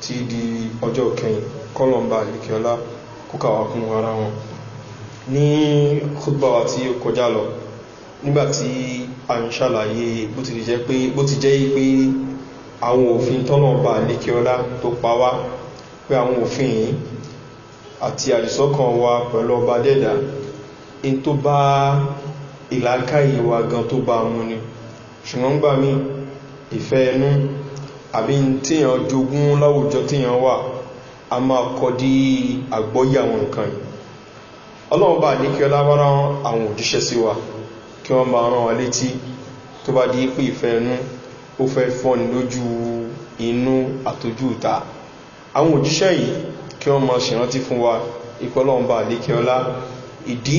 tí di ọjọ́ kẹyìn kọlọmbà alikiola kókàwà kún ara wọn ní kúgbàwà tí ó kọjá lọ nígbàtí a ń ṣàlàyé bó ti jẹ́ pé àwọn òfin tọ́lọ̀mbà alikiola tó pa wá pé àwọn òfin yìí àti àdìsọ́kàn wa pẹ̀lú ọba dẹ́dà in tó bá ìlàkàyè wa gan tó bá mú ni ṣùgbọ́n gbà mí ìfẹ́ ẹnu àbí tíyàn jogún láwùjọ tíyàn wà a máa kọ dí àgbọ́yí àwọn nǹkan yìí ọlọ́run bá ní kí ọlá wá rán àwọn òjíṣẹ́ sí wa kí wọ́n máa rán wa létí tó bá di pé ìfẹ́ inú ó fẹ́ fọ́ni lójú inú àtójú ìta àwọn òjíṣẹ́ yìí kí wọ́n máa ṣèrántí fún wa ìpọ́lọ́run bá ní kí ọlá ìdí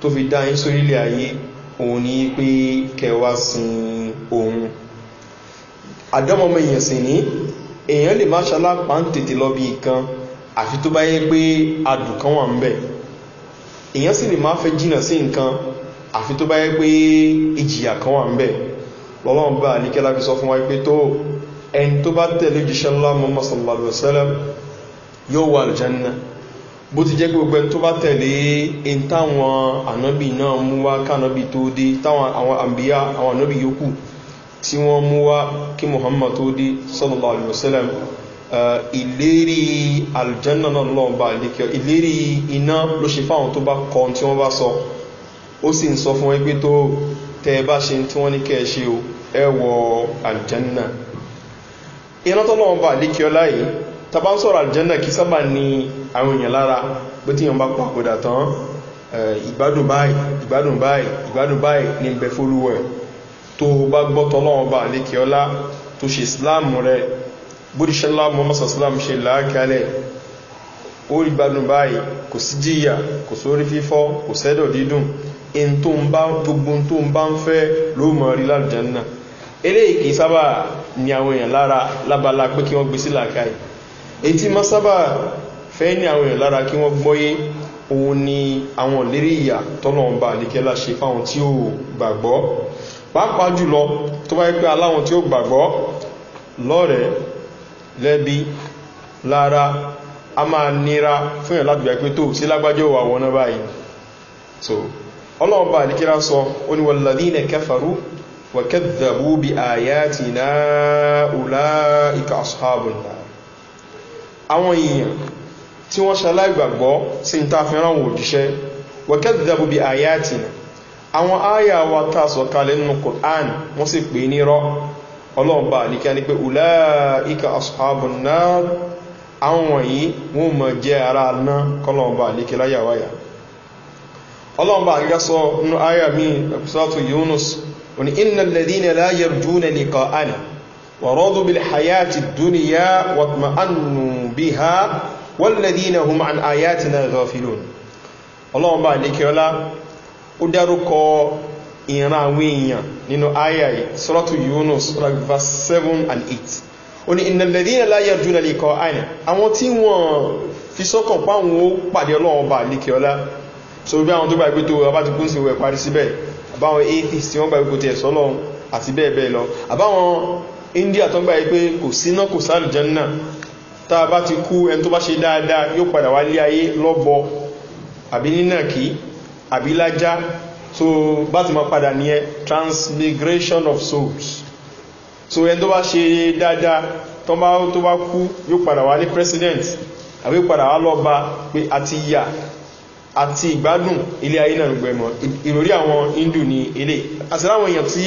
tó fi dá yín sórílẹ̀ ayé òun ní pé kẹwàá sin ohun àdọ́mọmọ èèyàn sì ní èèyàn lè má ṣalápá ń tètè lọ bí nǹkan àfi tó bá yẹ pé adùn kan wà ń bẹ̀ èèyàn sì lè má fẹ́ jìnà sí nǹkan àfi tó bá yẹ pé ìjìyà kan wà ń bẹ̀ lọ́lọ́run bá àníkẹ́lá fi sọ fún wa pé tó ẹni tó bá tẹ̀lé jíṣẹ́ ńlá mọ́mọ́ sallallahu alaihi wasallam yóò wà àlùjánná bó ti jẹ́ gbogbo ẹni tó bá tẹ̀lé in táwọn ànábì náà mú wá kánábì tó dé táwọn àwọn àmbíyá àwọn ànábì yòókù tí wọ́n mú wá kí muhammad tó dé sallallahu alaihi wasallam ìlérí aljanna náà lọ́wọ́ bá ìlékẹ́ ìlérí iná ló ṣe fáwọn tó bá kọ tí wọ́n bá sọ ó sì ń sọ fún ẹgbẹ́ tó tẹ bá ṣe tí wọ́n ní kẹ́ ṣe o ẹwọ aljanna iná tó lọ́wọ́ bá ìlékẹ́ láyé tàbá ń sọ̀rọ̀ aljanna kì sábà ní àwọn èèyàn lára bó tí yàn bá papòdà tán ìgbádùn báyìí ìgbádùn báyìí ìgbádùn báyìí ní ìbẹ̀fólúwẹ̀ẹ́ tó bá gbọ́tọ̀ lọ́wọ́ bá àlékẹ́ ọlá tó ṣe islam rẹ̀ bóríṣẹ́lá mọ́mọ́sàsílám ṣe láàkálẹ̀ orí gbádùn báyìí kò sí jíyà kò sórí fífọ́ kò sẹ́dọ̀ dídùn in tó ń bá gbogbo tó ń bá ń fẹ́ ló mọ̀ rí lálùjánná eléyìí kì í sábà ní àwọn èèyàn lára lábala pé kí wọ́n gbé sí làákàyè ètí má sábà òun ni àwọn ìlérí ìyà tọ́lọ̀ ń bá àlékẹ́lá fáwọn tí ò gbàgbọ́ pàápàá jùlọ tó bá pẹ́ aláwọn tí ó gbàgbọ́ lọ́rẹ̀ lẹ́bí lára a máa nira fún ẹ̀ láti gbàgbé tó sí lágbàjẹ́ wà wọ́n náà báyìí so ọlọ́ọ̀bá àdíkírá sọ ó ní wọ́n lọ́dínà kẹfàrú wọ́kẹ́dàbú bí àyàtì náà ọlá ìkà ọ̀sọ́hábùn náà àwọn èèyàn tí wọ́n ṣaláìgbàgbọ́ sí ní ta fi ránwò òjíṣẹ́ àwọn àyà wa ta sọ̀kalẹ̀ nínú kòrán wọ́n sì pè ní rọ́ ọlọ́ọ̀bá àlíkà ní pé ulá ikà asùhábùn náà àwọn wọ̀nyí wọ́n mọ̀ jẹ́ ara náà kọlọ̀ọ̀bá àlíkà láyàwáyà ọlọ́ọ̀bá àlíkà sọ nínú àyà mi ẹ̀kùsọ́tù yunus ọlọ́ọ̀bá àlíkà ó dárúkọ ìran àwọn èèyàn nínú àyà yìí sọ́rọ̀tù yunus verse 7 and 8 ó ní ìnàlẹ̀dínà láyé dúnà lè kọ àìní àwọn tí wọ́n fi sọ́kàn páwọn ó pàdé ọlọ́wọ́n bá so bí àwọn tó gbà ìgbétò ọba ti kún sí ìwẹ̀ parí síbẹ̀ àbáwọn atheist tí wọ́n gbà ìgbétò ẹ̀sọ́ lọ́wọ́n àti bẹ́ẹ̀ bẹ́ẹ̀ lọ àbáwọn india tó gbà pé kò síná kò sáàlùjẹ́ náà Abilaja, so bá ti mọ́ padà ní transmigration of souls so ẹni tó bá ṣe dáadáa tó bá tó bá kú yóò padà wá ní president àbí padà wá lọ bá ati àti ìyà àti ìgbádùn ilé ayé náà gbẹ̀mọ̀ ìròrí àwọn hindu ní ilé àti láwọn èèyàn tí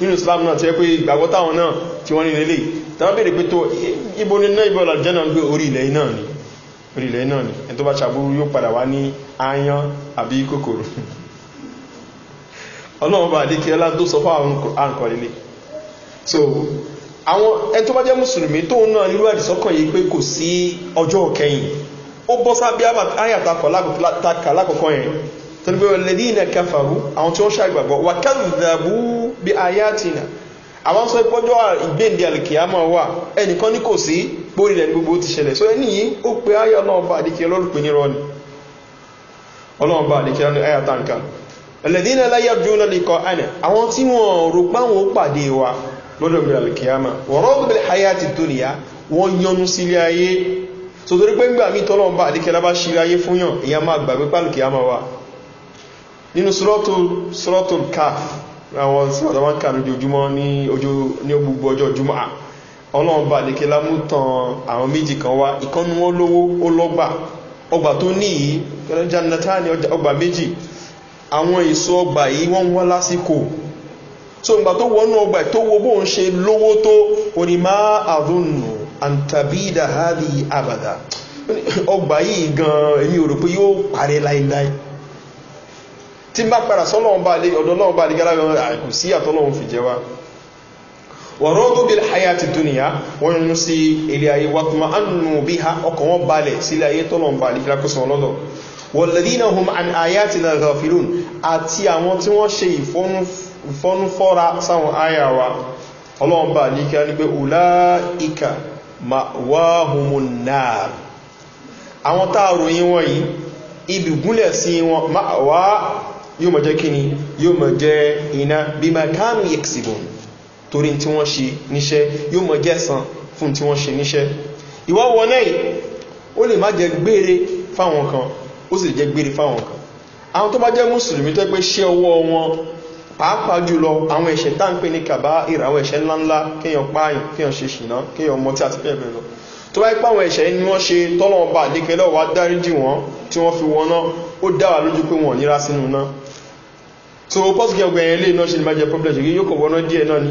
nínú islam náà ti ẹ́ pé ìgbàgbọ́ táwọn náà tí wọ́n ní ilé tàbí bèèrè pé tó ibo ní náà ibo ọ̀làjẹ́ náà gbé orí ilẹ̀ náà ni orílẹ̀ náà ni ẹni tó bá ṣàbúrú yóò padà wá ní áyán àbí kòkòrò ọlọ́run bá dékẹ́ ọlá tó sọ fáwọn àǹkọ̀lélé so àwọn ẹni tó bá jẹ́ mùsùlùmí tóun náà nílùú àdìsọ́kàn yìí pé kò sí ọjọ́ kẹyìn ó bọ́ sábẹ́ àyàtakọ̀ lákọ̀ọ́kọ́ yẹn tó pé ọlẹ́dí iná káfàrú àwọn tí wọ́n ṣàgbàgbọ́ wà bóyí rẹ̀ gbogbo ti ṣẹlẹ̀ so ẹni yìí ó pe ayé ọlọ́ọ̀bá àdíkẹ́ ọlọ́rùpẹ̀ ní rọ́ọ̀nì ọlọ́ọ̀bá àdíkẹ́ ayé àtànkà ẹlẹ́dínà láyé jùlọ lẹ́kọ̀ ànà àwọn tí wọ́n rò páwọn ó pàdé wa lọ́dọ̀ gbẹ̀rẹ̀ kìyàmà wọ́rọ́ gbẹ̀rẹ̀ ayé àti tóníyà wọ́n yọnu sílé ayé so torí pé ńgbà mí tọ́lọ́ọ̀bá àdíkẹ́ lábá ṣí ayé fún yàn èyàn máa gbàgbé pàlù kìyàmà wa nínú sọ́rọ́tò káf àwọn sọ́rọ́tò wọn kà lójoojúmọ́ ní gbogbo ọjọ́ ọlọ́run bá lè kí lámútàn àwọn méjì kan wá ìkọ́nú wọn lówó ó lọ́gbà ọgbà tó ní yìí jannata ni ọgbà méjì àwọn èso ọgbà yìí wọ́n wọ́n lásìkò so ìgbà tó wọnú ọgbà tó wo bóun ṣe lówó tó òní máa àdúnnù àǹtàbídà hálì àbàdà ọgbà yìí gan èmi ò rò pé yóò parẹ́ láíláí tí n bá padà sọ́lọ́run bá lè ọ̀dọ́ sí àtọ́lọ́run wọ̀rọ̀dún bí àyà ti dúnìyà wọ́n yọnu sí ilé ayé wàtúmọ̀ annù bí ha ọkọ̀ wọn balẹ̀ sílé ayé tọ́nà ń balẹ̀ ìfìlákùsùn ọlọ́dọ̀ wọ̀lẹ̀dínà hùm an àyà ti na gafilun àti àwọn tí wọ́n ṣe ìfọ́nufọ́ra sáwọn àyà wa ọlọ́run bá ní kí a ní pé ọlá ìkà ma wá hùmùn torí tí wọ́n ṣe níṣẹ́ yóò mọ̀ jẹ́sàn fún tí wọ́n ṣe níṣẹ́ ìwọ́ wọná yìí ó lè má jẹ gbére fáwọn kan ó sì jẹ gbére fáwọn kan àwọn tó bá jẹ́ mùsùlùmí tó pé ṣe ọwọ́ wọn pàápàá jùlọ àwọn ẹ̀ṣẹ̀ tá ń pè ní kàbá ìrà àwọn ẹ̀ṣẹ̀ ńláńlá kéèyàn páàyàn kéèyàn ṣe ṣìnà kéèyàn mọtí àti bẹ́ẹ̀ bẹ́ẹ̀ lọ tó bá ipá ẹ̀ṣẹ̀ ni wọ́n ṣe tọ́lọ́ ọba àdékẹ́lẹ́ ọ̀wá dáríjì wọn tí wọ́n fi wọn náà ó dáwà lójú pé wọn nira sínú náà so pọ́sìkì ọgbẹ̀yìn ilé náà ṣe ní máa jẹ yóò kọ̀ wọ́n náà díẹ̀ náà ni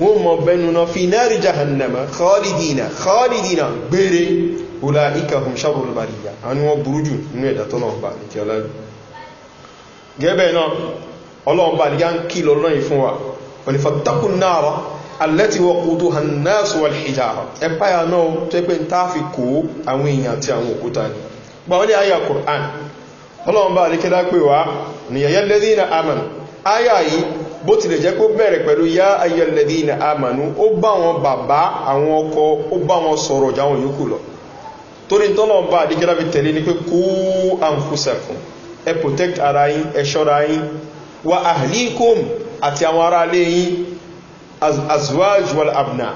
wọ́n mọ̀ bẹnuna fi náàrí jahannama khalidina khalidina gbére ọlá ikahun sábọ̀ lọ́bàríyà a ní wọ́n burú jù nínú ẹ̀dà tọ́nà ọba àti ọlájú gẹ́bẹ̀ náà ọlọ́ọ̀bà àti yán kí lọ lọ́yìn fún wa wọ́n ni fatakun náà alẹ́ti wọ́n kú tó hàn náà sọ alhijara ẹ páyà náà tó pé ń táàfi kó àwọn èèyàn àti àwọn òkúta ni gbà wọ́n ni àyà kùrán ọlọ́ọ̀bà àti kẹ́dá pé wá ni yẹ̀yẹ́ bó tilẹ̀ jẹ́ pé ó bẹ̀rẹ̀ pẹ̀lú yá ayẹlẹ́dí ní àmànú ó bá wọn bàbá àwọn ọkọ ó bá wọn sọ̀rọ̀ ọ̀jà wọn yòókù lọ torí tọ́lọ́n bá àdíkẹ́lá fi tẹ̀lé ni pé kú àǹfùsẹ̀kùn ẹ protect ara yín ẹ ṣọ́ra yín wa àhlíkùn àti àwọn ará alé yín azwaj wal abna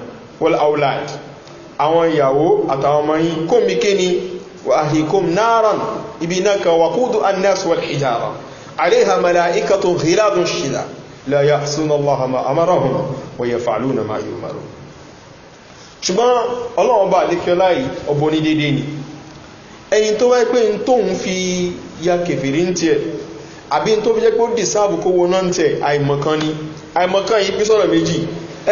wal aulad àwọn ìyàwó àtàwọn ọmọ yín kó mi ké wa àhlíkùn náíràn ibi náà kan wà kúdù annas wal hijara àléhà ikàtún hìládùn ṣìlá la ya'suna Allaha ma amarahum wa yaf'aluna ma yu'marun ṣùgbọ́n ọlọ́run bá lékiọlá yìí ọbọ ní dédé ni ẹ̀yin tó wáyé pé n tóun fi ya kèfèrí ń tiẹ̀ àbí n tó fi jẹ́ pé ó dìsáàbù kó wọná ń tiẹ̀ àìmọ̀kan ni àìmọ̀kan yìí pín sọ̀rọ̀ méjì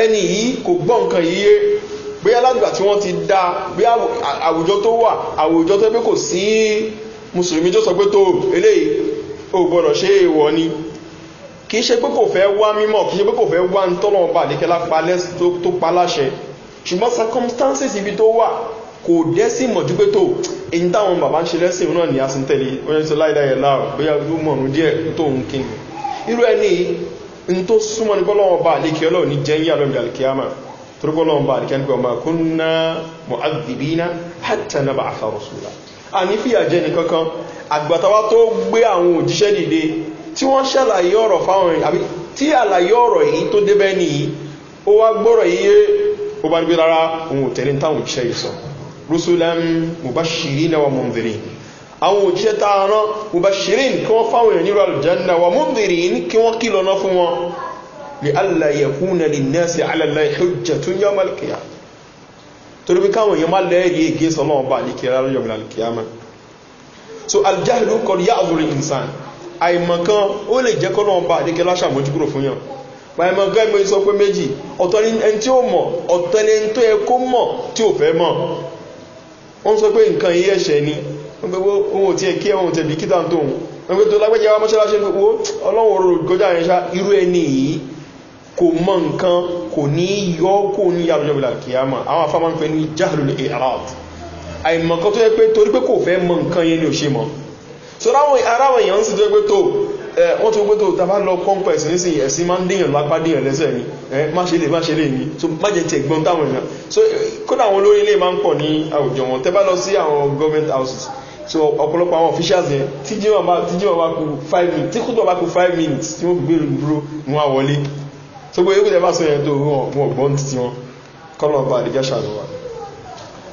ẹni yìí kò gbọ́ nǹkan yìí yé bí alágbà tí wọ́n ti dá bí àwùjọ tó wà àwùjọ tó pé kò sí mùsùlùmí tó sọ pé tó eléyìí ò gbọ́dọ̀ ṣe èèwọ̀ ni kìí ṣe pé kò fẹ́ wá mímọ̀ kìí ṣe pé kò fẹ́ wá ń tọ́lọ̀ ọba àdékẹ́lá palẹ́ tó pa láṣẹ ṣùgbọ́n circumstances ibi tó wà kò dẹ́ sí mọ̀jú pé tó èyí táwọn bàbá ń ṣe lẹ́sìn náà ní asíntẹ̀lẹ̀ oyin tó láìdáyẹ̀ láàrùn bóyá ló mọ̀rún díẹ̀ tó ń kí ni irú ẹni n tó súnmọ́ ní bọ́lọ́wọ́ bá àdékẹ́ ọlọ́run ní jẹ́ yíyà lọ́dún alkiyama tó bọ́lọ́wọ́ bá àdékẹ́ nípa ọmọ akúnná mọ̀ádìbínà hàtànà bá àfàrọ̀sùlá a ní fìyà jẹ́ nìkankan àgbàtàwá tó gbé àwọn òjíṣẹ́ dìde tí wọ́n ṣàlàyé ọ̀rọ̀ fáwọn èèyàn àbí tí àlàyé ọ̀rọ̀ yìí tó débẹ́ nìyí ó wá gbọ́rọ̀ yíyé ó bá gbé rárá òun ò tẹ̀lé táwọn òjíṣẹ́ yìí sọ rúṣùlẹ́m mubashirin wa mundhirin àwọn òjíṣẹ́ tá a rán mubashirin kí wọ́n fáwọn èèyàn nírú àlùjánná wa mundhirin kí so aljahlu kọ̀ yá àzùrù àìmọ̀kan ó lè jẹ́ kọ́nà ọba àdékẹ́ láṣàmójúkúrò fún yàn pàìmọ̀kan ẹgbẹ́ sọ pé méjì ọ̀tọ̀ ni ẹni tí ó mọ̀ ọ̀tọ̀ ni ẹni tó yẹ kó mọ̀ tí ò fẹ́ mọ̀ wọ́n sọ pé nǹkan yí ẹ̀ṣẹ̀ ni wọ́n pẹ́ ohun tí ẹ kí ẹ̀hún tẹ̀ bí kíta tó hùn wọ́n pẹ́ tó lágbẹ́jẹ́ wa mọ́ṣáláṣẹ́ pé wo ọlọ́run orò gọjá yẹn ṣá irú ẹni yìí kò mọ nǹkan kò ní yọ kó ní yàrá ìlà kìyàmà àwọn afámọ́ ń pẹ́ ní jáàlù ní àìmọ̀kan tó yẹ pé torí pé kò fẹ́ mọ nǹkan yẹn ni ò ṣe mọ̀ so aráwọ̀ èèyàn sì tó pé tó wọ́n tó pé tó tàbá lọ conquest nísìnyí ẹ̀sìn máa ń dèyàn lápá dèyàn lẹ́sẹ̀ ni má ṣe lè má ṣe lè ní so má jẹ́ ti ẹ̀gbọ́n táwọn èèyàn so kódà àwọn olórí ilé máa ń pọ̀ ní àwùjọ wọn tẹ́ bá lọ sí àwọn government houses so ọ̀pọ̀lọpọ̀ àwọn officials yẹn tí jíma bá kú 5 minutes tí kútọ̀ bá kú 5 minutes tí wọ́n fi gbé ìrùdúró mú wa wọlé so gbé ìgbésẹ̀ bá sọ yẹn tó wọn ọ̀gbọ́n ti wọn kọ́lọ̀ bá àdìgẹ́ ṣàlùwà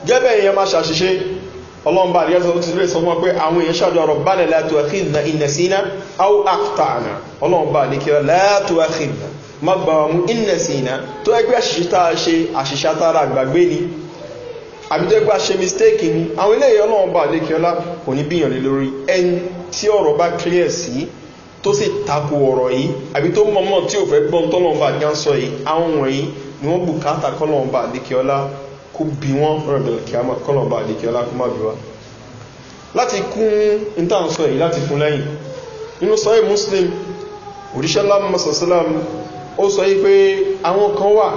gẹ́gẹ́ bẹ́ẹ̀ yẹn máa ṣàṣìṣe ọlọ́mbà àríyásọ́ ti lè sọ fún pé àwọn èèyàn ṣàdọ̀ ọ̀rọ̀ bá lẹ́lẹ́tò àkíìnà ìnẹ̀síná au àkùtààna ọlọ́mbà àríkíra lẹ́tò àkíìnà ma bá wọn mú ìnẹ̀síná tó ẹgbẹ́ àṣìṣítà ṣe àṣìṣátara àgbàgbé ni àbí tó ẹgbẹ́ àṣe mistake ni àwọn ilé ìyọ́ ọlọ́mbà àríkíọ́lá kò ní bíyàn lé lórí ẹni tí ọ̀rọ̀ bá clear sí tó sì tako ọ̀rọ̀ yìí àbí tó mọ̀mọ́ tí ò fẹ́ gbọ́n tọ́lọ́mbà àjá kó bí wọ́n rẹ̀bẹ̀lẹ̀ kí a máa kọ́nà bá àdíkẹ́ ọlákúnmá bí wá láti kún ìtànsọ yìí láti fún lẹ́yìn nínú sọ́yí muslim òdíṣẹ́lá masasalam ó sọ yí pé àwọn kan wà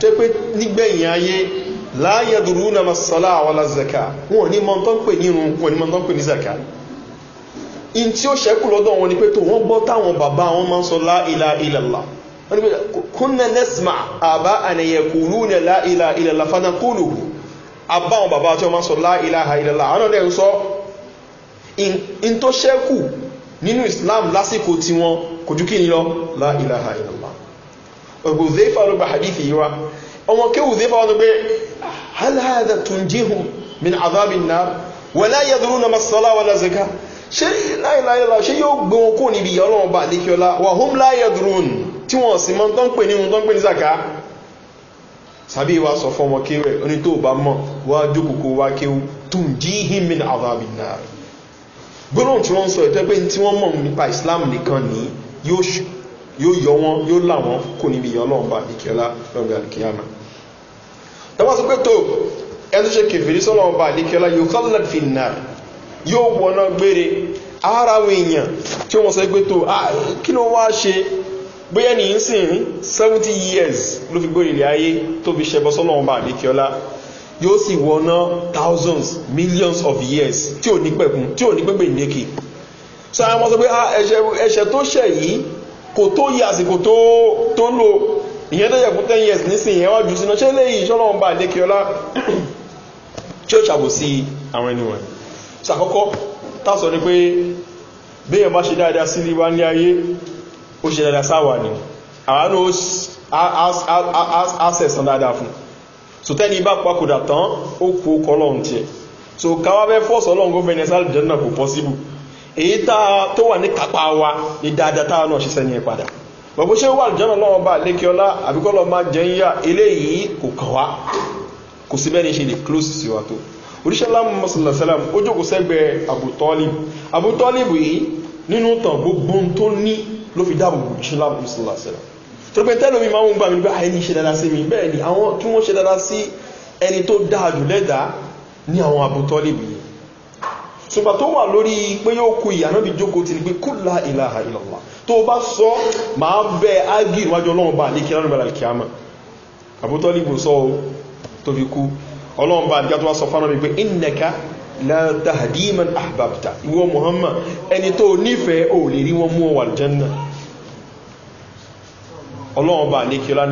tó pé nígbẹ̀yìn ayé láàyè dúró na masala àwọlá zaka wọn ní mọ́ tó ń pè ní irun wọn ní mọ́ tó ń pè ní zaka in tí ó ṣẹ́kù lọ́dọ̀ wọn ni pé tó wọ́n gbọ́ táwọn bàbá wọn máa ń sọ láìlà ìlàlá wọ́n ni kúnnà nẹ́sìmà àbá àníyẹ kúrú ní láìlà ìlàlà fana kúrù àbáwọn bàbá tí wọ́n máa sọ láìlà ìlàlà àwọn ọ̀dẹ́ ń sọ in tó ṣẹ́kù nínú islam lásìkò tí wọ́n kò jú kí ní lọ láìlà ìlàlà ọgbò zéfà ló gba hadith yìí wa ọmọ kéwù zéfà wọn gbé halhada tún jíhun min azabin náà wọ́n láyé dúró na masala wọn la ṣe láìlà ìlàlà ṣe yóò gbé kó níbi ìyá ọlọ́wọ́n bá àdékíọlá hum láyé dúró nù tí wọ́n sì mọ́ tó ń pè ní ohun tó ń pè ní zaka sàbí wa sọ fọ́mọ kéwẹ̀ oní tó bá mọ́ wá jókòó wá kéwú tún jí hímin àbábì náà gbóòrùn tí wọ́n sọ ìtẹ́ pé tí wọ́n mọ̀ nípa islam nìkan ní yóò yọ wọn yóò là wọn kò níbi ìyọ́ lọ́wọ́n bá àdíkẹ́lá lọ́gbà àdíkẹ́yàmà tọ́wọ́ sọ pé tó ẹnu ṣe kèfèrí sọ́lọ́wọ́n bá àdíkẹ́lá yóò kọ́lẹ̀ fi náà yóò wọ́n gbére ara àwọn èèyàn tí wọ́n sọ pé tó ah, kí ló wá ṣe bóyá ní ń sìn 70 years ló fi gbórí ilẹ̀ ayé tó fi ṣẹbọ sọ́nà ọba àdékíọ́lá yóò sì wọná thousands millions of years tí ò ní pẹ̀kun tí ò ní pẹ̀pẹ̀ níkì so àwọn ọmọ sọ pé ah, ẹ̀ṣẹ̀ tó ṣẹ̀ yìí kò tó yí àsìkò tó lò ìyẹn tó yẹ fún 10 years nísìn ìyẹn jù sínú ṣé léyìí sọ́nà ọba àdékíọ́lá tí ó ṣàbòsí àwọn ẹni wọ̀nyí sàkọ́kọ́ tásọ ni pé bí èèyàn bá ṣe dáadáa sí ilé wa ní ayé ó ṣe dada sáwà ní àwọn àṣẹ̀sán dada fún so tẹ́ni bá pakòdà tán ó kú ó kọlọ́run tí ẹ̀ so káwàbẹ́ fọ́sọ̀ ọlọ́run gọ́fẹ́ni sáàlì jẹ́nà kò pọ́síbù èyí tó wà ní kápá wa ní dáadáa táwọn náà ṣiṣẹ́ ní ẹ padà bọ̀bọ̀ ṣe wà jẹ́nà lọ́wọ́ bá lékè ọlá àbíkọ́lọ́ máa jẹ́ ń yá eléyìí kò kàn wá kò sí bẹ́ẹ̀ ní ṣe lè close sí wa tó oríṣẹ́lá mọ́sálásálàm ó jókòó sẹ́gbẹ̀ẹ́ àbútọ́lì yìí nínú tàn gbogbo tó ní ló fi dáàbò bò ṣe láàbò ìṣẹ̀lá ṣẹlá torí pé tẹ́lómi máa ń gbà mí pé àìní ṣe dáadáa sí mi bẹ́ẹ̀ ni àwọn tí wọ́n ṣe dáadáa sí ẹni tó dáa jù lẹ́dà ní àwọn àbútọ́ lèbi ṣùgbọ́n tó wà lórí pé yóò ku ìyànàbí jókòó ti ní pé kúlà ìlàhà ìlọ́lá tó bá sọ máa bẹ ágì ìwájú ọlọ́run bá àlékè lánàá bàlá kìámà àbútọ́ lèbi sọ tó fi ku ọlọ́run bá àdíkà tó wá sọ fánà mi pé ìnẹ̀ká látàdíman àbábtà ìwọ muhammad ẹni tó nífẹ̀ẹ́ ò lè rí wọn mú ọwà jẹ́nà ọlọ́run bá ní kíọ́lá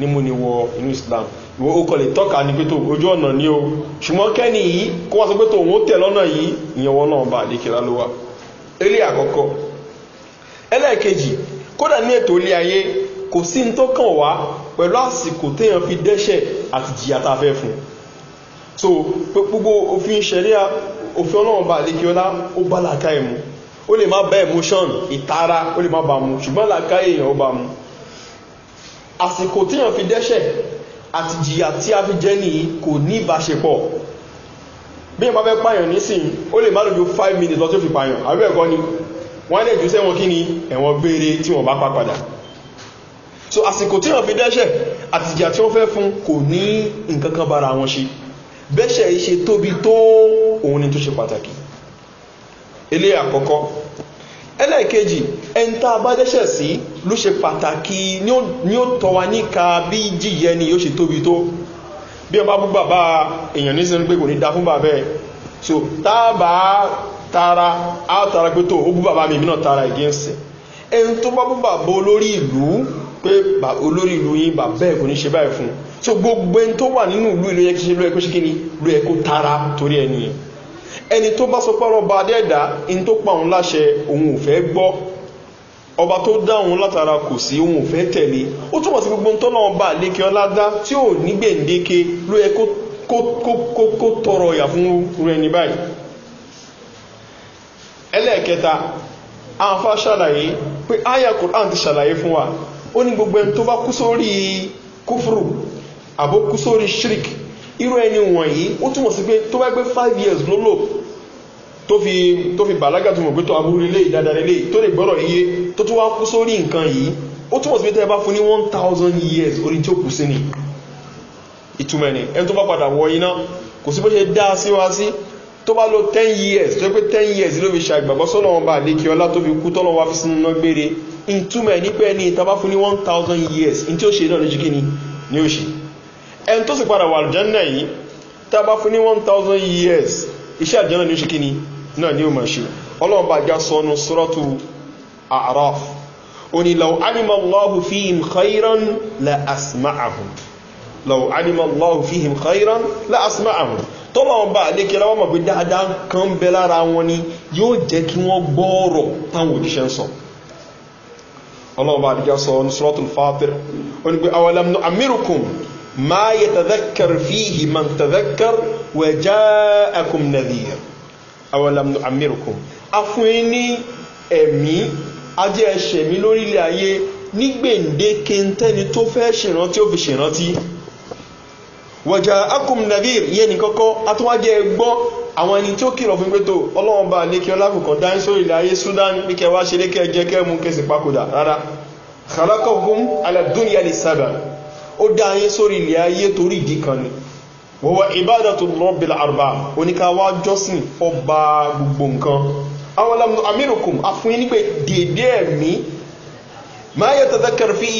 nímú ni wọ inú islam ìwọ ó kọlẹ̀ tọ́ka ní pé tó ojú ọ̀nà ní o ṣùgbọ́n kẹ́ni yìí kó wá sọ pé tó òun tẹ̀ lọ́nà yìí ìyẹn wọn náà bá ní kíọ́lá ló wà ilé àkọ́kọ́ ẹlẹ́ẹ̀kejì kódà ní ètò ilé ayé kò sí ní tó kàn wá pẹ̀lú àsìkò téèyàn fi dẹ́ṣẹ̀ àti jìyà tá a fẹ́ fún un so gbogbo òfin ṣẹ̀ríà òfin ọlọ́run bá lè kí ọlá ó bá làkà ẹ̀mú ó lè má bá emotion ìtara ó lè má bá mu ṣùgbọ́n làkà èèyàn ó bá mu àsìkò téèyàn fi dẹ́ṣẹ̀ àti jìyà tí a fi jẹ́ nìyí kò ní ìbáṣepọ̀ bí èèyàn bá fẹ́ pààyàn nísìn ó lè má lójú five minutes lọ́tí ó fi pààyàn àbí ẹ̀kọ́ ni wọ́n lè jù sẹ́wọ̀n kí ni ẹ̀wọ̀n gbére tí wọ́n bá pa padà so àsìkò téèyàn fi dẹ́ṣẹ̀ àti jìyà tí wọ́n fẹ́ fún kò ní nǹkan kan bára wọn ṣe bẹ́ṣẹ̀ ṣe tóbi tó òun ni tó ṣe pàtàkì ilé àkọ́kọ́ ẹlẹ́ẹ̀kejì ẹni tá a bá dẹ́ṣẹ̀ sí ló ṣe pàtàkì ní ó tọ́ wa níka bí jìyẹ ni yóò ṣe tóbi tó bí ọba bú bàbá èèyàn ní sínú pé kò ní da fún bàbá ẹ̀ so tá a bá tara á tara pé tó ó bú bàbá mi mìíràn tara against ẹ̀ ẹni tó bá bú bàbá olórí ìlú pé olórí ìlú yín bà bẹ́ẹ̀ kò ní ṣe báyìí fún so gbogbo ẹni tó wà nínú ìlú ìlú yẹ ló ẹkọ́ ṣe ni ló ẹkọ́ tara torí ẹni yẹn ẹni tó bá sọ pé ọba adẹ́ẹ̀dá in tó pa òun láṣẹ òun ò fẹ́ gbọ́ ọba tó dá òun látara kò sí òun ò fẹ́ tẹ̀lé ó túmọ̀ sí gbogbo tó náà bá lékè ọládá tí ò ní gbèǹdéke ló yẹ kó tọrọ ìyà fún rẹ ní báyìí ẹlẹ́ẹ̀kẹta àǹfà ṣàlàyé pé áyà kùrán ti ṣàlàyé fún wa ó ní gbogbo ẹni tó bá kú sórí kúfúrú àbó kú sórí shirk irú ẹni wọ̀nyí ó túnmọ̀ sí pé tó bá gbé five years ló lò tó fi tó fi bàlágà tó mọ̀ pé tó aburú lélẹ̀ ìdáadáa lélẹ̀ tó lè gbọ́rọ̀ iye tó tún wá kú sórí nǹkan yìí ó túnmọ̀ sí pé tẹ́ bá fún ní one thousand years orí tí ó kù sí ni ìtumọ̀ ẹni ẹni tó bá padà wọ iná kò sí bó ṣe dá sí wá sí tó bá lo ten years tó yẹ pé ten years ló fi ṣàgbàgbọ́ sọ́nà wọn bá àlékè ọlá tó fi kú tọ́nà fi sínú náà gbére ìtumọ̀ ní pé ẹni ìtàbá fún ní 1000 years in tí ó ṣe náà lójú kíni ni ó ṣe ẹni tó sì padà wà àjẹ́nà yìí tàbá fún ní 1000 years iṣẹ́ àjẹ́nà ni ó ṣe kíni náà ni ó máa ṣe ọlọ́run bá já sọnù sọ́rọ́tù àràf òní lọ animallahu fi him khairan la asma'ahum lọ animallahu fi him khairan la asma'ahum tọ́lọ́wọ́n bá lékè láwọn mọ̀ pé dáadáa kan bẹ lára wọn ni yóò jẹ́ kí wọ́n gbọ́ọ̀rọ̀ táwọn òjíṣẹ́ ń sọ ọlọ́run bá dìkẹ́ sọ ní sọ́tún fàtír ó ní pé awalam nu amirukum ma yẹ tàdákàr fíhì man tàdákàr wẹ já ẹkùn nàdìyà awalam nu amirukum afun ẹ̀mí ajé ẹ̀ṣẹ̀mí lórílẹ̀ ayé nígbèǹdé kéńtẹ́ni tó fẹ́ ṣèrántí ó fi ṣèrántí wọ̀jà akum navir yẹ́ ní kọ́kọ́ atúnwájẹ́ gbọ́ àwọn ẹni tí ó kìrọ̀ fún pé tó ọlọ́wọ́n bá lékẹ́ ọlákùnkàn dáhìn sórí ilẹ̀ ayé sudan ní kẹwàá ṣe lékẹ́ jẹ́ kẹ́mú kẹsì pakòdà rárá kàlákọ̀ọ́gún aládùnìyà lè sábà ó dá ayé sórí ilẹ̀ ayé torí ìdí kan ni wọ́wọ́ ìbádà tó lọ́ bílá àrùbá oníkàwá jọ́sìn ọba gbogbo nǹkan àwọn alamu amírùkùn afúnni pé dèédé ẹ̀mí máa yẹ tàdákàr fi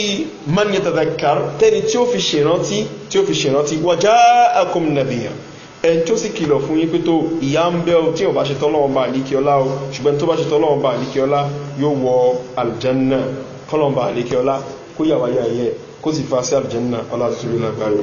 man yẹ tàdákàr tẹ́ni tí ó fi ṣèrántí tí ó fi ṣèrántí wàjá akum nàbìyàn ẹni tó sì kìlọ̀ fún yín pé tó ìyá ń bẹ́ o tí ò bá ṣe tọ́lọ́wọ́n bá àlíkíọ́lá o ṣùgbọ́n tó bá ṣe tọ́lọ́wọ́n bá àlíkíọ́lá yóò wọ àlùjánná kọ́lọ́wọ́n bá àlíkíọ́lá kó yàwáyà ẹ̀yẹ kó sì fa sí àlùjánná ọlá tuntun lágbára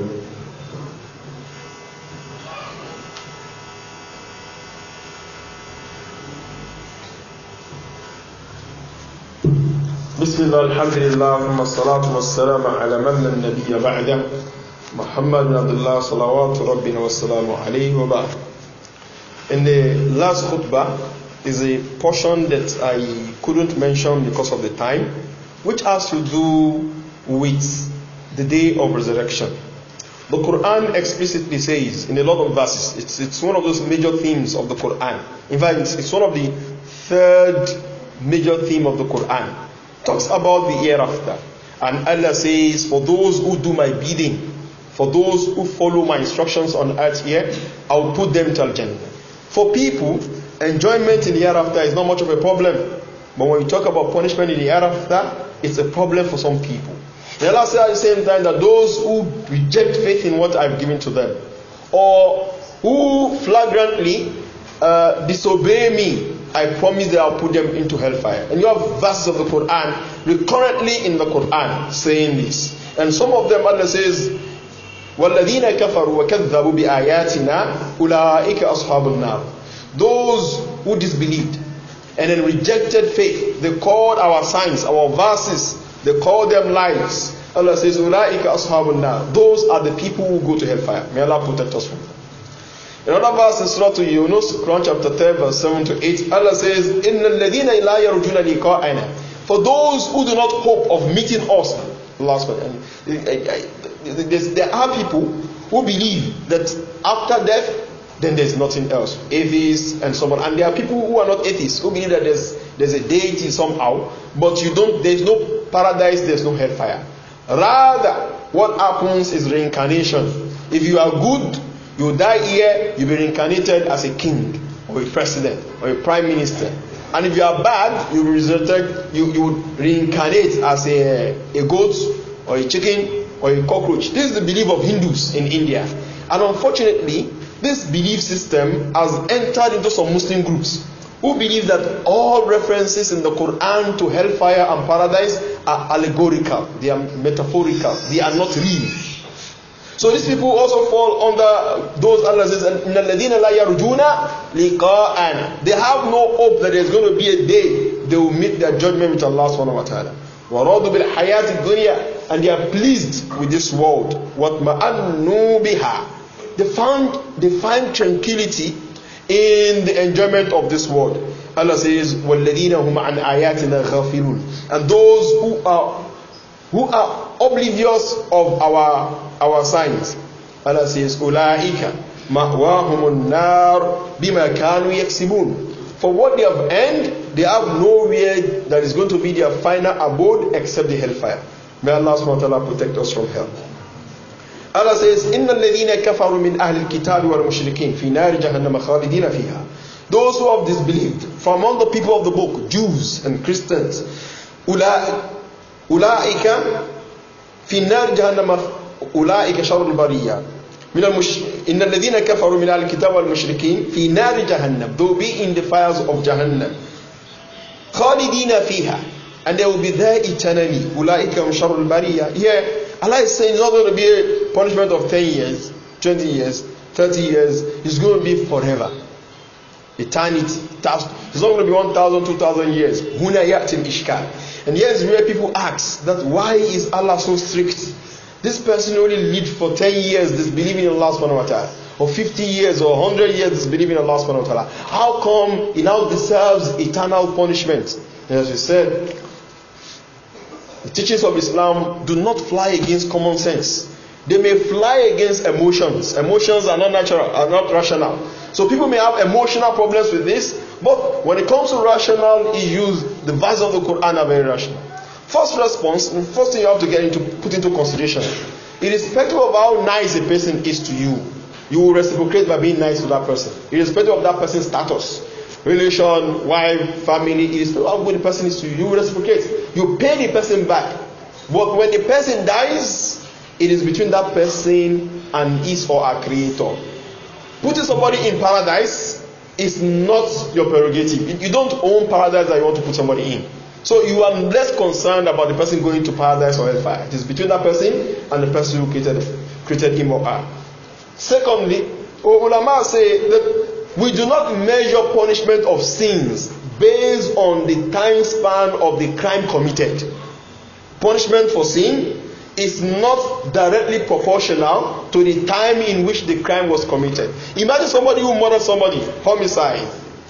بسم الله الحمد لله ثم الصلاة والسلام على من النبي بعده محمد بن عبد الله صلوات ربنا والسلام عليه وبعد In the last khutbah is a portion that I couldn't mention because of the time, which has to do with the day of resurrection. The Quran explicitly says in a lot of verses, it's, it's one of those major themes of the Quran. In fact, it's, it's one of the third major theme of the Quran. talks about the hereafter. And Allah says, For those who do my bidding, for those who follow my instructions on earth here, I will put them to Jannah. For people, enjoyment in the hereafter is not much of a problem. But when we talk about punishment in the hereafter, it's a problem for some people. The Allah says at the same time that those who reject faith in what I've given to them, or who flagrantly uh, disobey me I promise that I'll put them into hellfire. And you have verses of the Quran recurrently in the Quran saying this. And some of them Allah says, وَالَّذِينَ كَفَرُوا وَكَذَّبُوا بِآيَاتِنَا أُولَٰئِكَ أَصْحَابُ النَّارِ Those who disbelieved and then rejected faith, they called our signs, our verses, they called them lies. Allah says, أُولَٰئِكَ أَصْحَابُ النَّارِ Those are the people who go to hellfire. May Allah protect us from them. Another verse in Surah to Yunus, Quran chapter 10, verse 7 to 8, Allah says, إِنَّ الَّذِينَ إِلَا يَرْجُونَ لِقَاءَنَا For those who do not hope of meeting us, last one, there are people who believe that after death, then there's nothing else. Atheists and so on. And there are people who are not atheists, who believe that there's, there's a deity somehow, but you don't, there's no paradise, there's no hellfire. Rather, what happens is reincarnation. If you are good, You die here, you'll be reincarnated as a king or a president or a prime minister. And if you are bad, you be resurrected. you, you reincarnate as a, a goat or a chicken or a cockroach. This is the belief of Hindus in India. And unfortunately, this belief system has entered into some Muslim groups who believe that all references in the Quran to hellfire and paradise are allegorical, they are metaphorical, they are not real. So these people also fall under those Allah says, liqa'an. They have no hope that there's going to be a day they will meet their judgment with Allah subhanahu wa ta'ala. وَرَضُوا بِالْحَيَاةِ الدُّنْيَا And they are pleased with this world. وَاتْمَأَنُّوا بِهَا They found, they find tranquility in the enjoyment of this world. Allah says, وَالَّذِينَ هُمْ عَنْ آيَاتِنَا غَافِلُونَ And those who are who are oblivious of our our signs Allah says ulaika ma'wahumun nar bima kanu yaksibun for what they have earned they have nowhere that is going to be their final abode except the hellfire may Allah subhanahu wa ta'ala protect us from hell Allah says, Inna alladhina kafaru min ahli al-kitab wal mushrikin fi nari jahannam khalidina fiha. Those who have disbelieved from among the people of the book, Jews and Christians, ula أولئك في النار جهنم أولئك شر البرية من المش... إن الذين كفروا من أهل الكتاب والمشركين في نار جهنم they will be in the fires of جهنم خالدين فيها and they will be there eternally أولئك هم شر البرية here Allah is saying it's not going to be a punishment of 10 years 20 years 30 years it's going to be forever eternity it's not going to be 1000 2000 years هنا يأتي الإشكال And here's where people ask that why is Allah so strict? This person only lived for ten years this believing in Allah subhanahu wa ta'ala, or fifty years or hundred years believing in Allah subhanahu wa ta'ala. How come he now deserves eternal punishment? And as we said, the teachings of Islam do not fly against common sense. They may fly against emotions. Emotions are not natural, are not rational. So people may have emotional problems with this, but when it comes to rational issues, the verses of the Quran are very rational. First response, the first thing you have to get into put into consideration, irrespective of how nice a person is to you, you will reciprocate by being nice to that person, irrespective of that person's status, relation, wife, family, irrespective of how good the person is to you, you will reciprocate. You pay the person back. But when the person dies, it is between that person and his or her creator. Putting somebody in paradise is not your prerogative. You don't own paradise that you want to put somebody in. So you are less concerned about the person going to paradise or hellfire. It is between that person and the person who created, created him or her. Secondly, ulama say that we do not measure punishment of sins based on the time span of the crime committed. Punishment for sin is not directly proportional to the time in which the crime was committed. Imagine somebody who murdered somebody, homicide,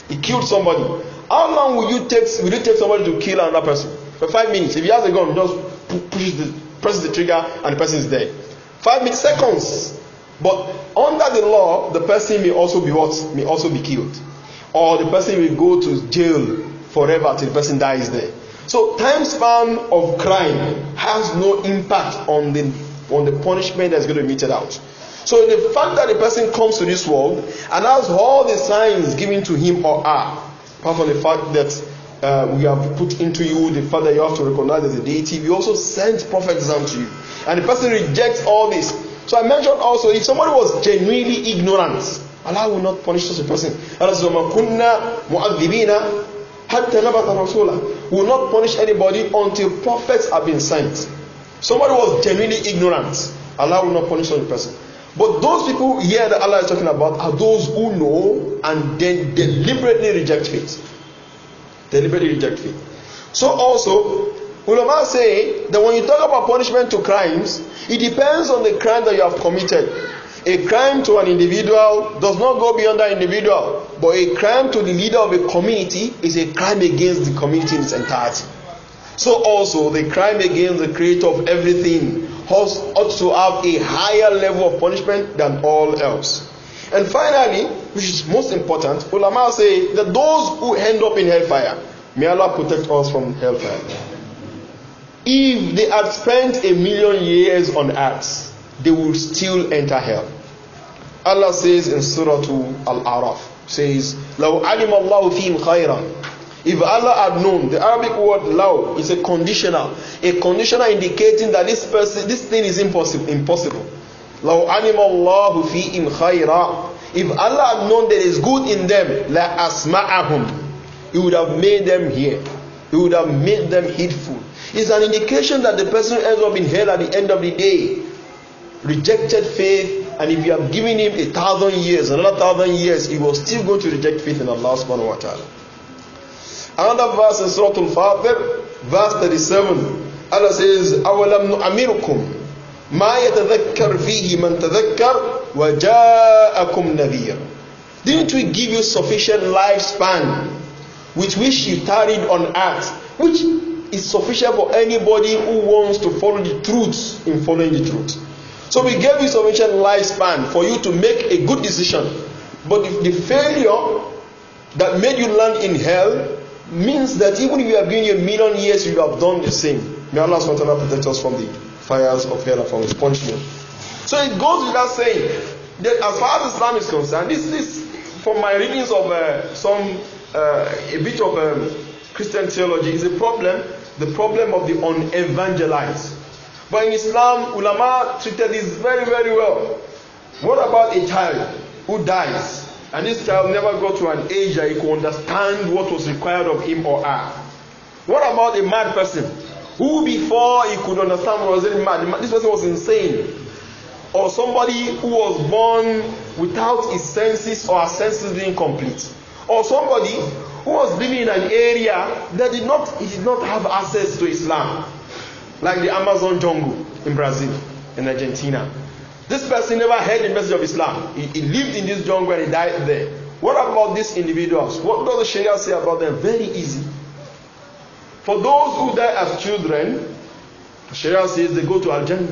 he killed somebody. How long will you take will you take somebody to kill another person? For five minutes. If he has a gun, just push the press the trigger and the person is dead. Five minutes, seconds. But under the law, the person may also be what? May also be killed. Or the person will go to jail forever till the person dies there. So time span of crime has no impact on the on the punishment that's going to be meted out. So the fact that a person comes to this world and has all the signs given to him or her, apart from the fact that uh, we have put into you the fact that you have to recognize as a deity, we also sent prophets down to you, and the person rejects all this. So I mentioned also if somebody was genuinely ignorant, Allah will not punish such a person. حتى نبت will not punish anybody until prophets have been sent. Somebody was genuinely ignorant. Allah will not punish such person. But those people here that Allah is talking about are those who know and then deliberately reject faith. Deliberately reject faith. So also, Ulama say that when you talk about punishment to crimes, it depends on the crime that you have committed. A crime to an individual does not go beyond that individual, but a crime to the leader of a community is a crime against the community in its entirety. So also the crime against the creator of everything ought to have a higher level of punishment than all else. And finally, which is most important, ulama say that those who end up in hellfire, may Allah protect us from hellfire. If they had spent a million years on earth, they would still enter hell. Allah says in Surah Al-Araf, says, لَوْ عَلِمَ اللَّهُ فِيهِمْ خَيْرًا If Allah had known, the Arabic word law is a conditional, a conditional indicating that this person, this thing is impossible. impossible. لَوْ عَلِمَ اللَّهُ فِيهِمْ خَيْرًا If Allah had known there is good in them, لَأَسْمَعَهُمْ He would have made them hear. He would have made them heedful. It's an indication that the person ends up in hell at the end of the day rejected faith and if you have given him a thousand years another thousand years he will still go to reject faith in Allah subhanahu wa ta'ala another verse in Surah Al-Fatir verse 37 Allah says أَوَلَمْ نُعَمِرُكُمْ مَا يَتَذَكَّرْ فِيهِ مَنْ تَذَكَّرْ وَجَاءَكُمْ نَذِيرٌ didn't we give you sufficient lifespan with which you tarried on earth which is sufficient for anybody who wants to follow the truth in following the truth So we gave you sufficient lifespan for you to make a good decision. But if the failure that made you land in hell means that even if we have given you a million years, you have done the same. May Allah SWT protect us from the fires of hell and from his punishment. So it goes without saying that as far as Islam is concerned, this is from my readings of uh, some uh, a bit of um, Christian theology is a problem, the problem of the unevangelized. But in Islam, ulama treated this very, very well. What about a child who dies and this child never got to an age that he could understand what was required of him or her? What about a mad person who, before he could understand was really mad, this person was insane? Or somebody who was born without his senses or her senses being complete? Or somebody who was living in an area that did not, he did not have access to Islam? like the Amazon jungle in Brazil, in Argentina. This person never heard the message of Islam. He, he lived in this jungle and he died there. What about these individuals? What does the Sharia say about them? Very easy. For those who die as children, Sharia says they go to Al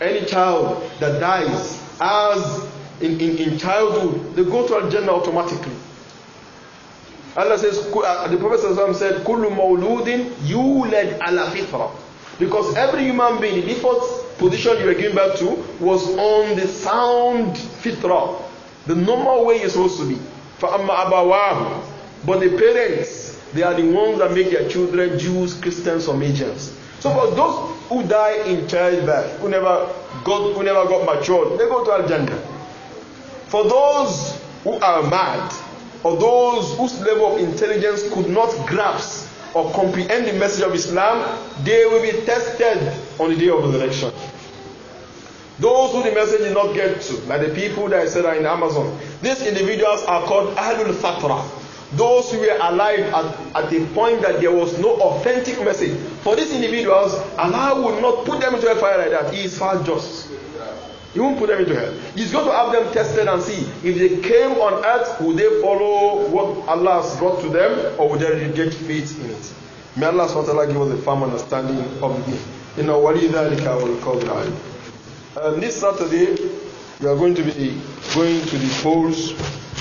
Any child that dies as in, in, in childhood, they go to Al automatically. Allah says, uh, the Prophet said, Kullu mawludin yulad ala fitra. Because every human being, the default position you were given back to was on the sound fitra, the normal way you're supposed to be. فَأَمَّا أَبَوَاهُ But the parents, they are the ones that make their children Jews, Christians, or Magians. So for those who die in childbirth, who never got, who never got matured, they go to Al-Jannah. For those who are mad, or those whose level of intelligence could not grasp or comprehend the message of Islam, they will be tested on the day of the election. Those who the message did not get to, like the people that I said are in Amazon, these individuals are called Ahlul Fatra. Those who were alive at, at the point that there was no authentic message. For these individuals, Allah would not put them into a fire like that. He is far just. He won't put them into hell. He's going to have them tested and see if they came on earth, would they follow what Allah has brought to them or would they reject faith in it? May Allah SWT give us a firm understanding of the in our wali dhalika wal qawli um, This Saturday, we are going to be going to the polls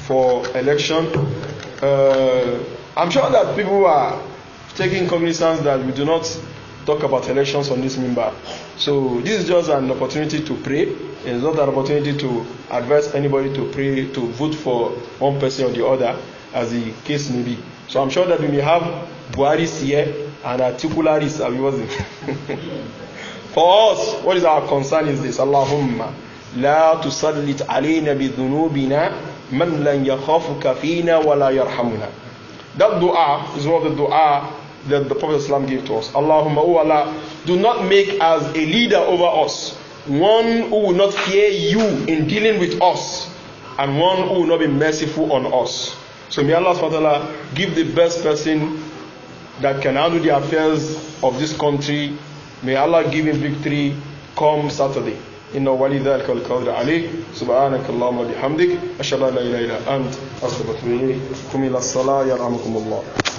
for election. Uh, I'm sure that people are taking cognizance that we do not talk about elections on this member. So this is just an opportunity to pray. It's not an opportunity to advise anybody to pray to vote for one person or the other, as the case may be. So I'm sure that we may have Buhari's here and Articularis For us, what is our concern is this Allahumma la tusallit alayna bi dhunubina man lan yakhafuka fina wa yarhamuna. That dua is one of the dua that the Prophet ﷺ gave to us. Allahumma, O Allah, do not make us a leader over us, one who will not fear you in dealing with us, and one who will not be merciful on us. So may Allah SWT give the best person that can handle the affairs of this country. May Allah give him victory come Saturday. إن ولي ذلك القدر عليه سبحانك اللهم وبحمدك أشهد أن لا إله إلا أنت أستغفرك إلى الصلاة يرحمكم الله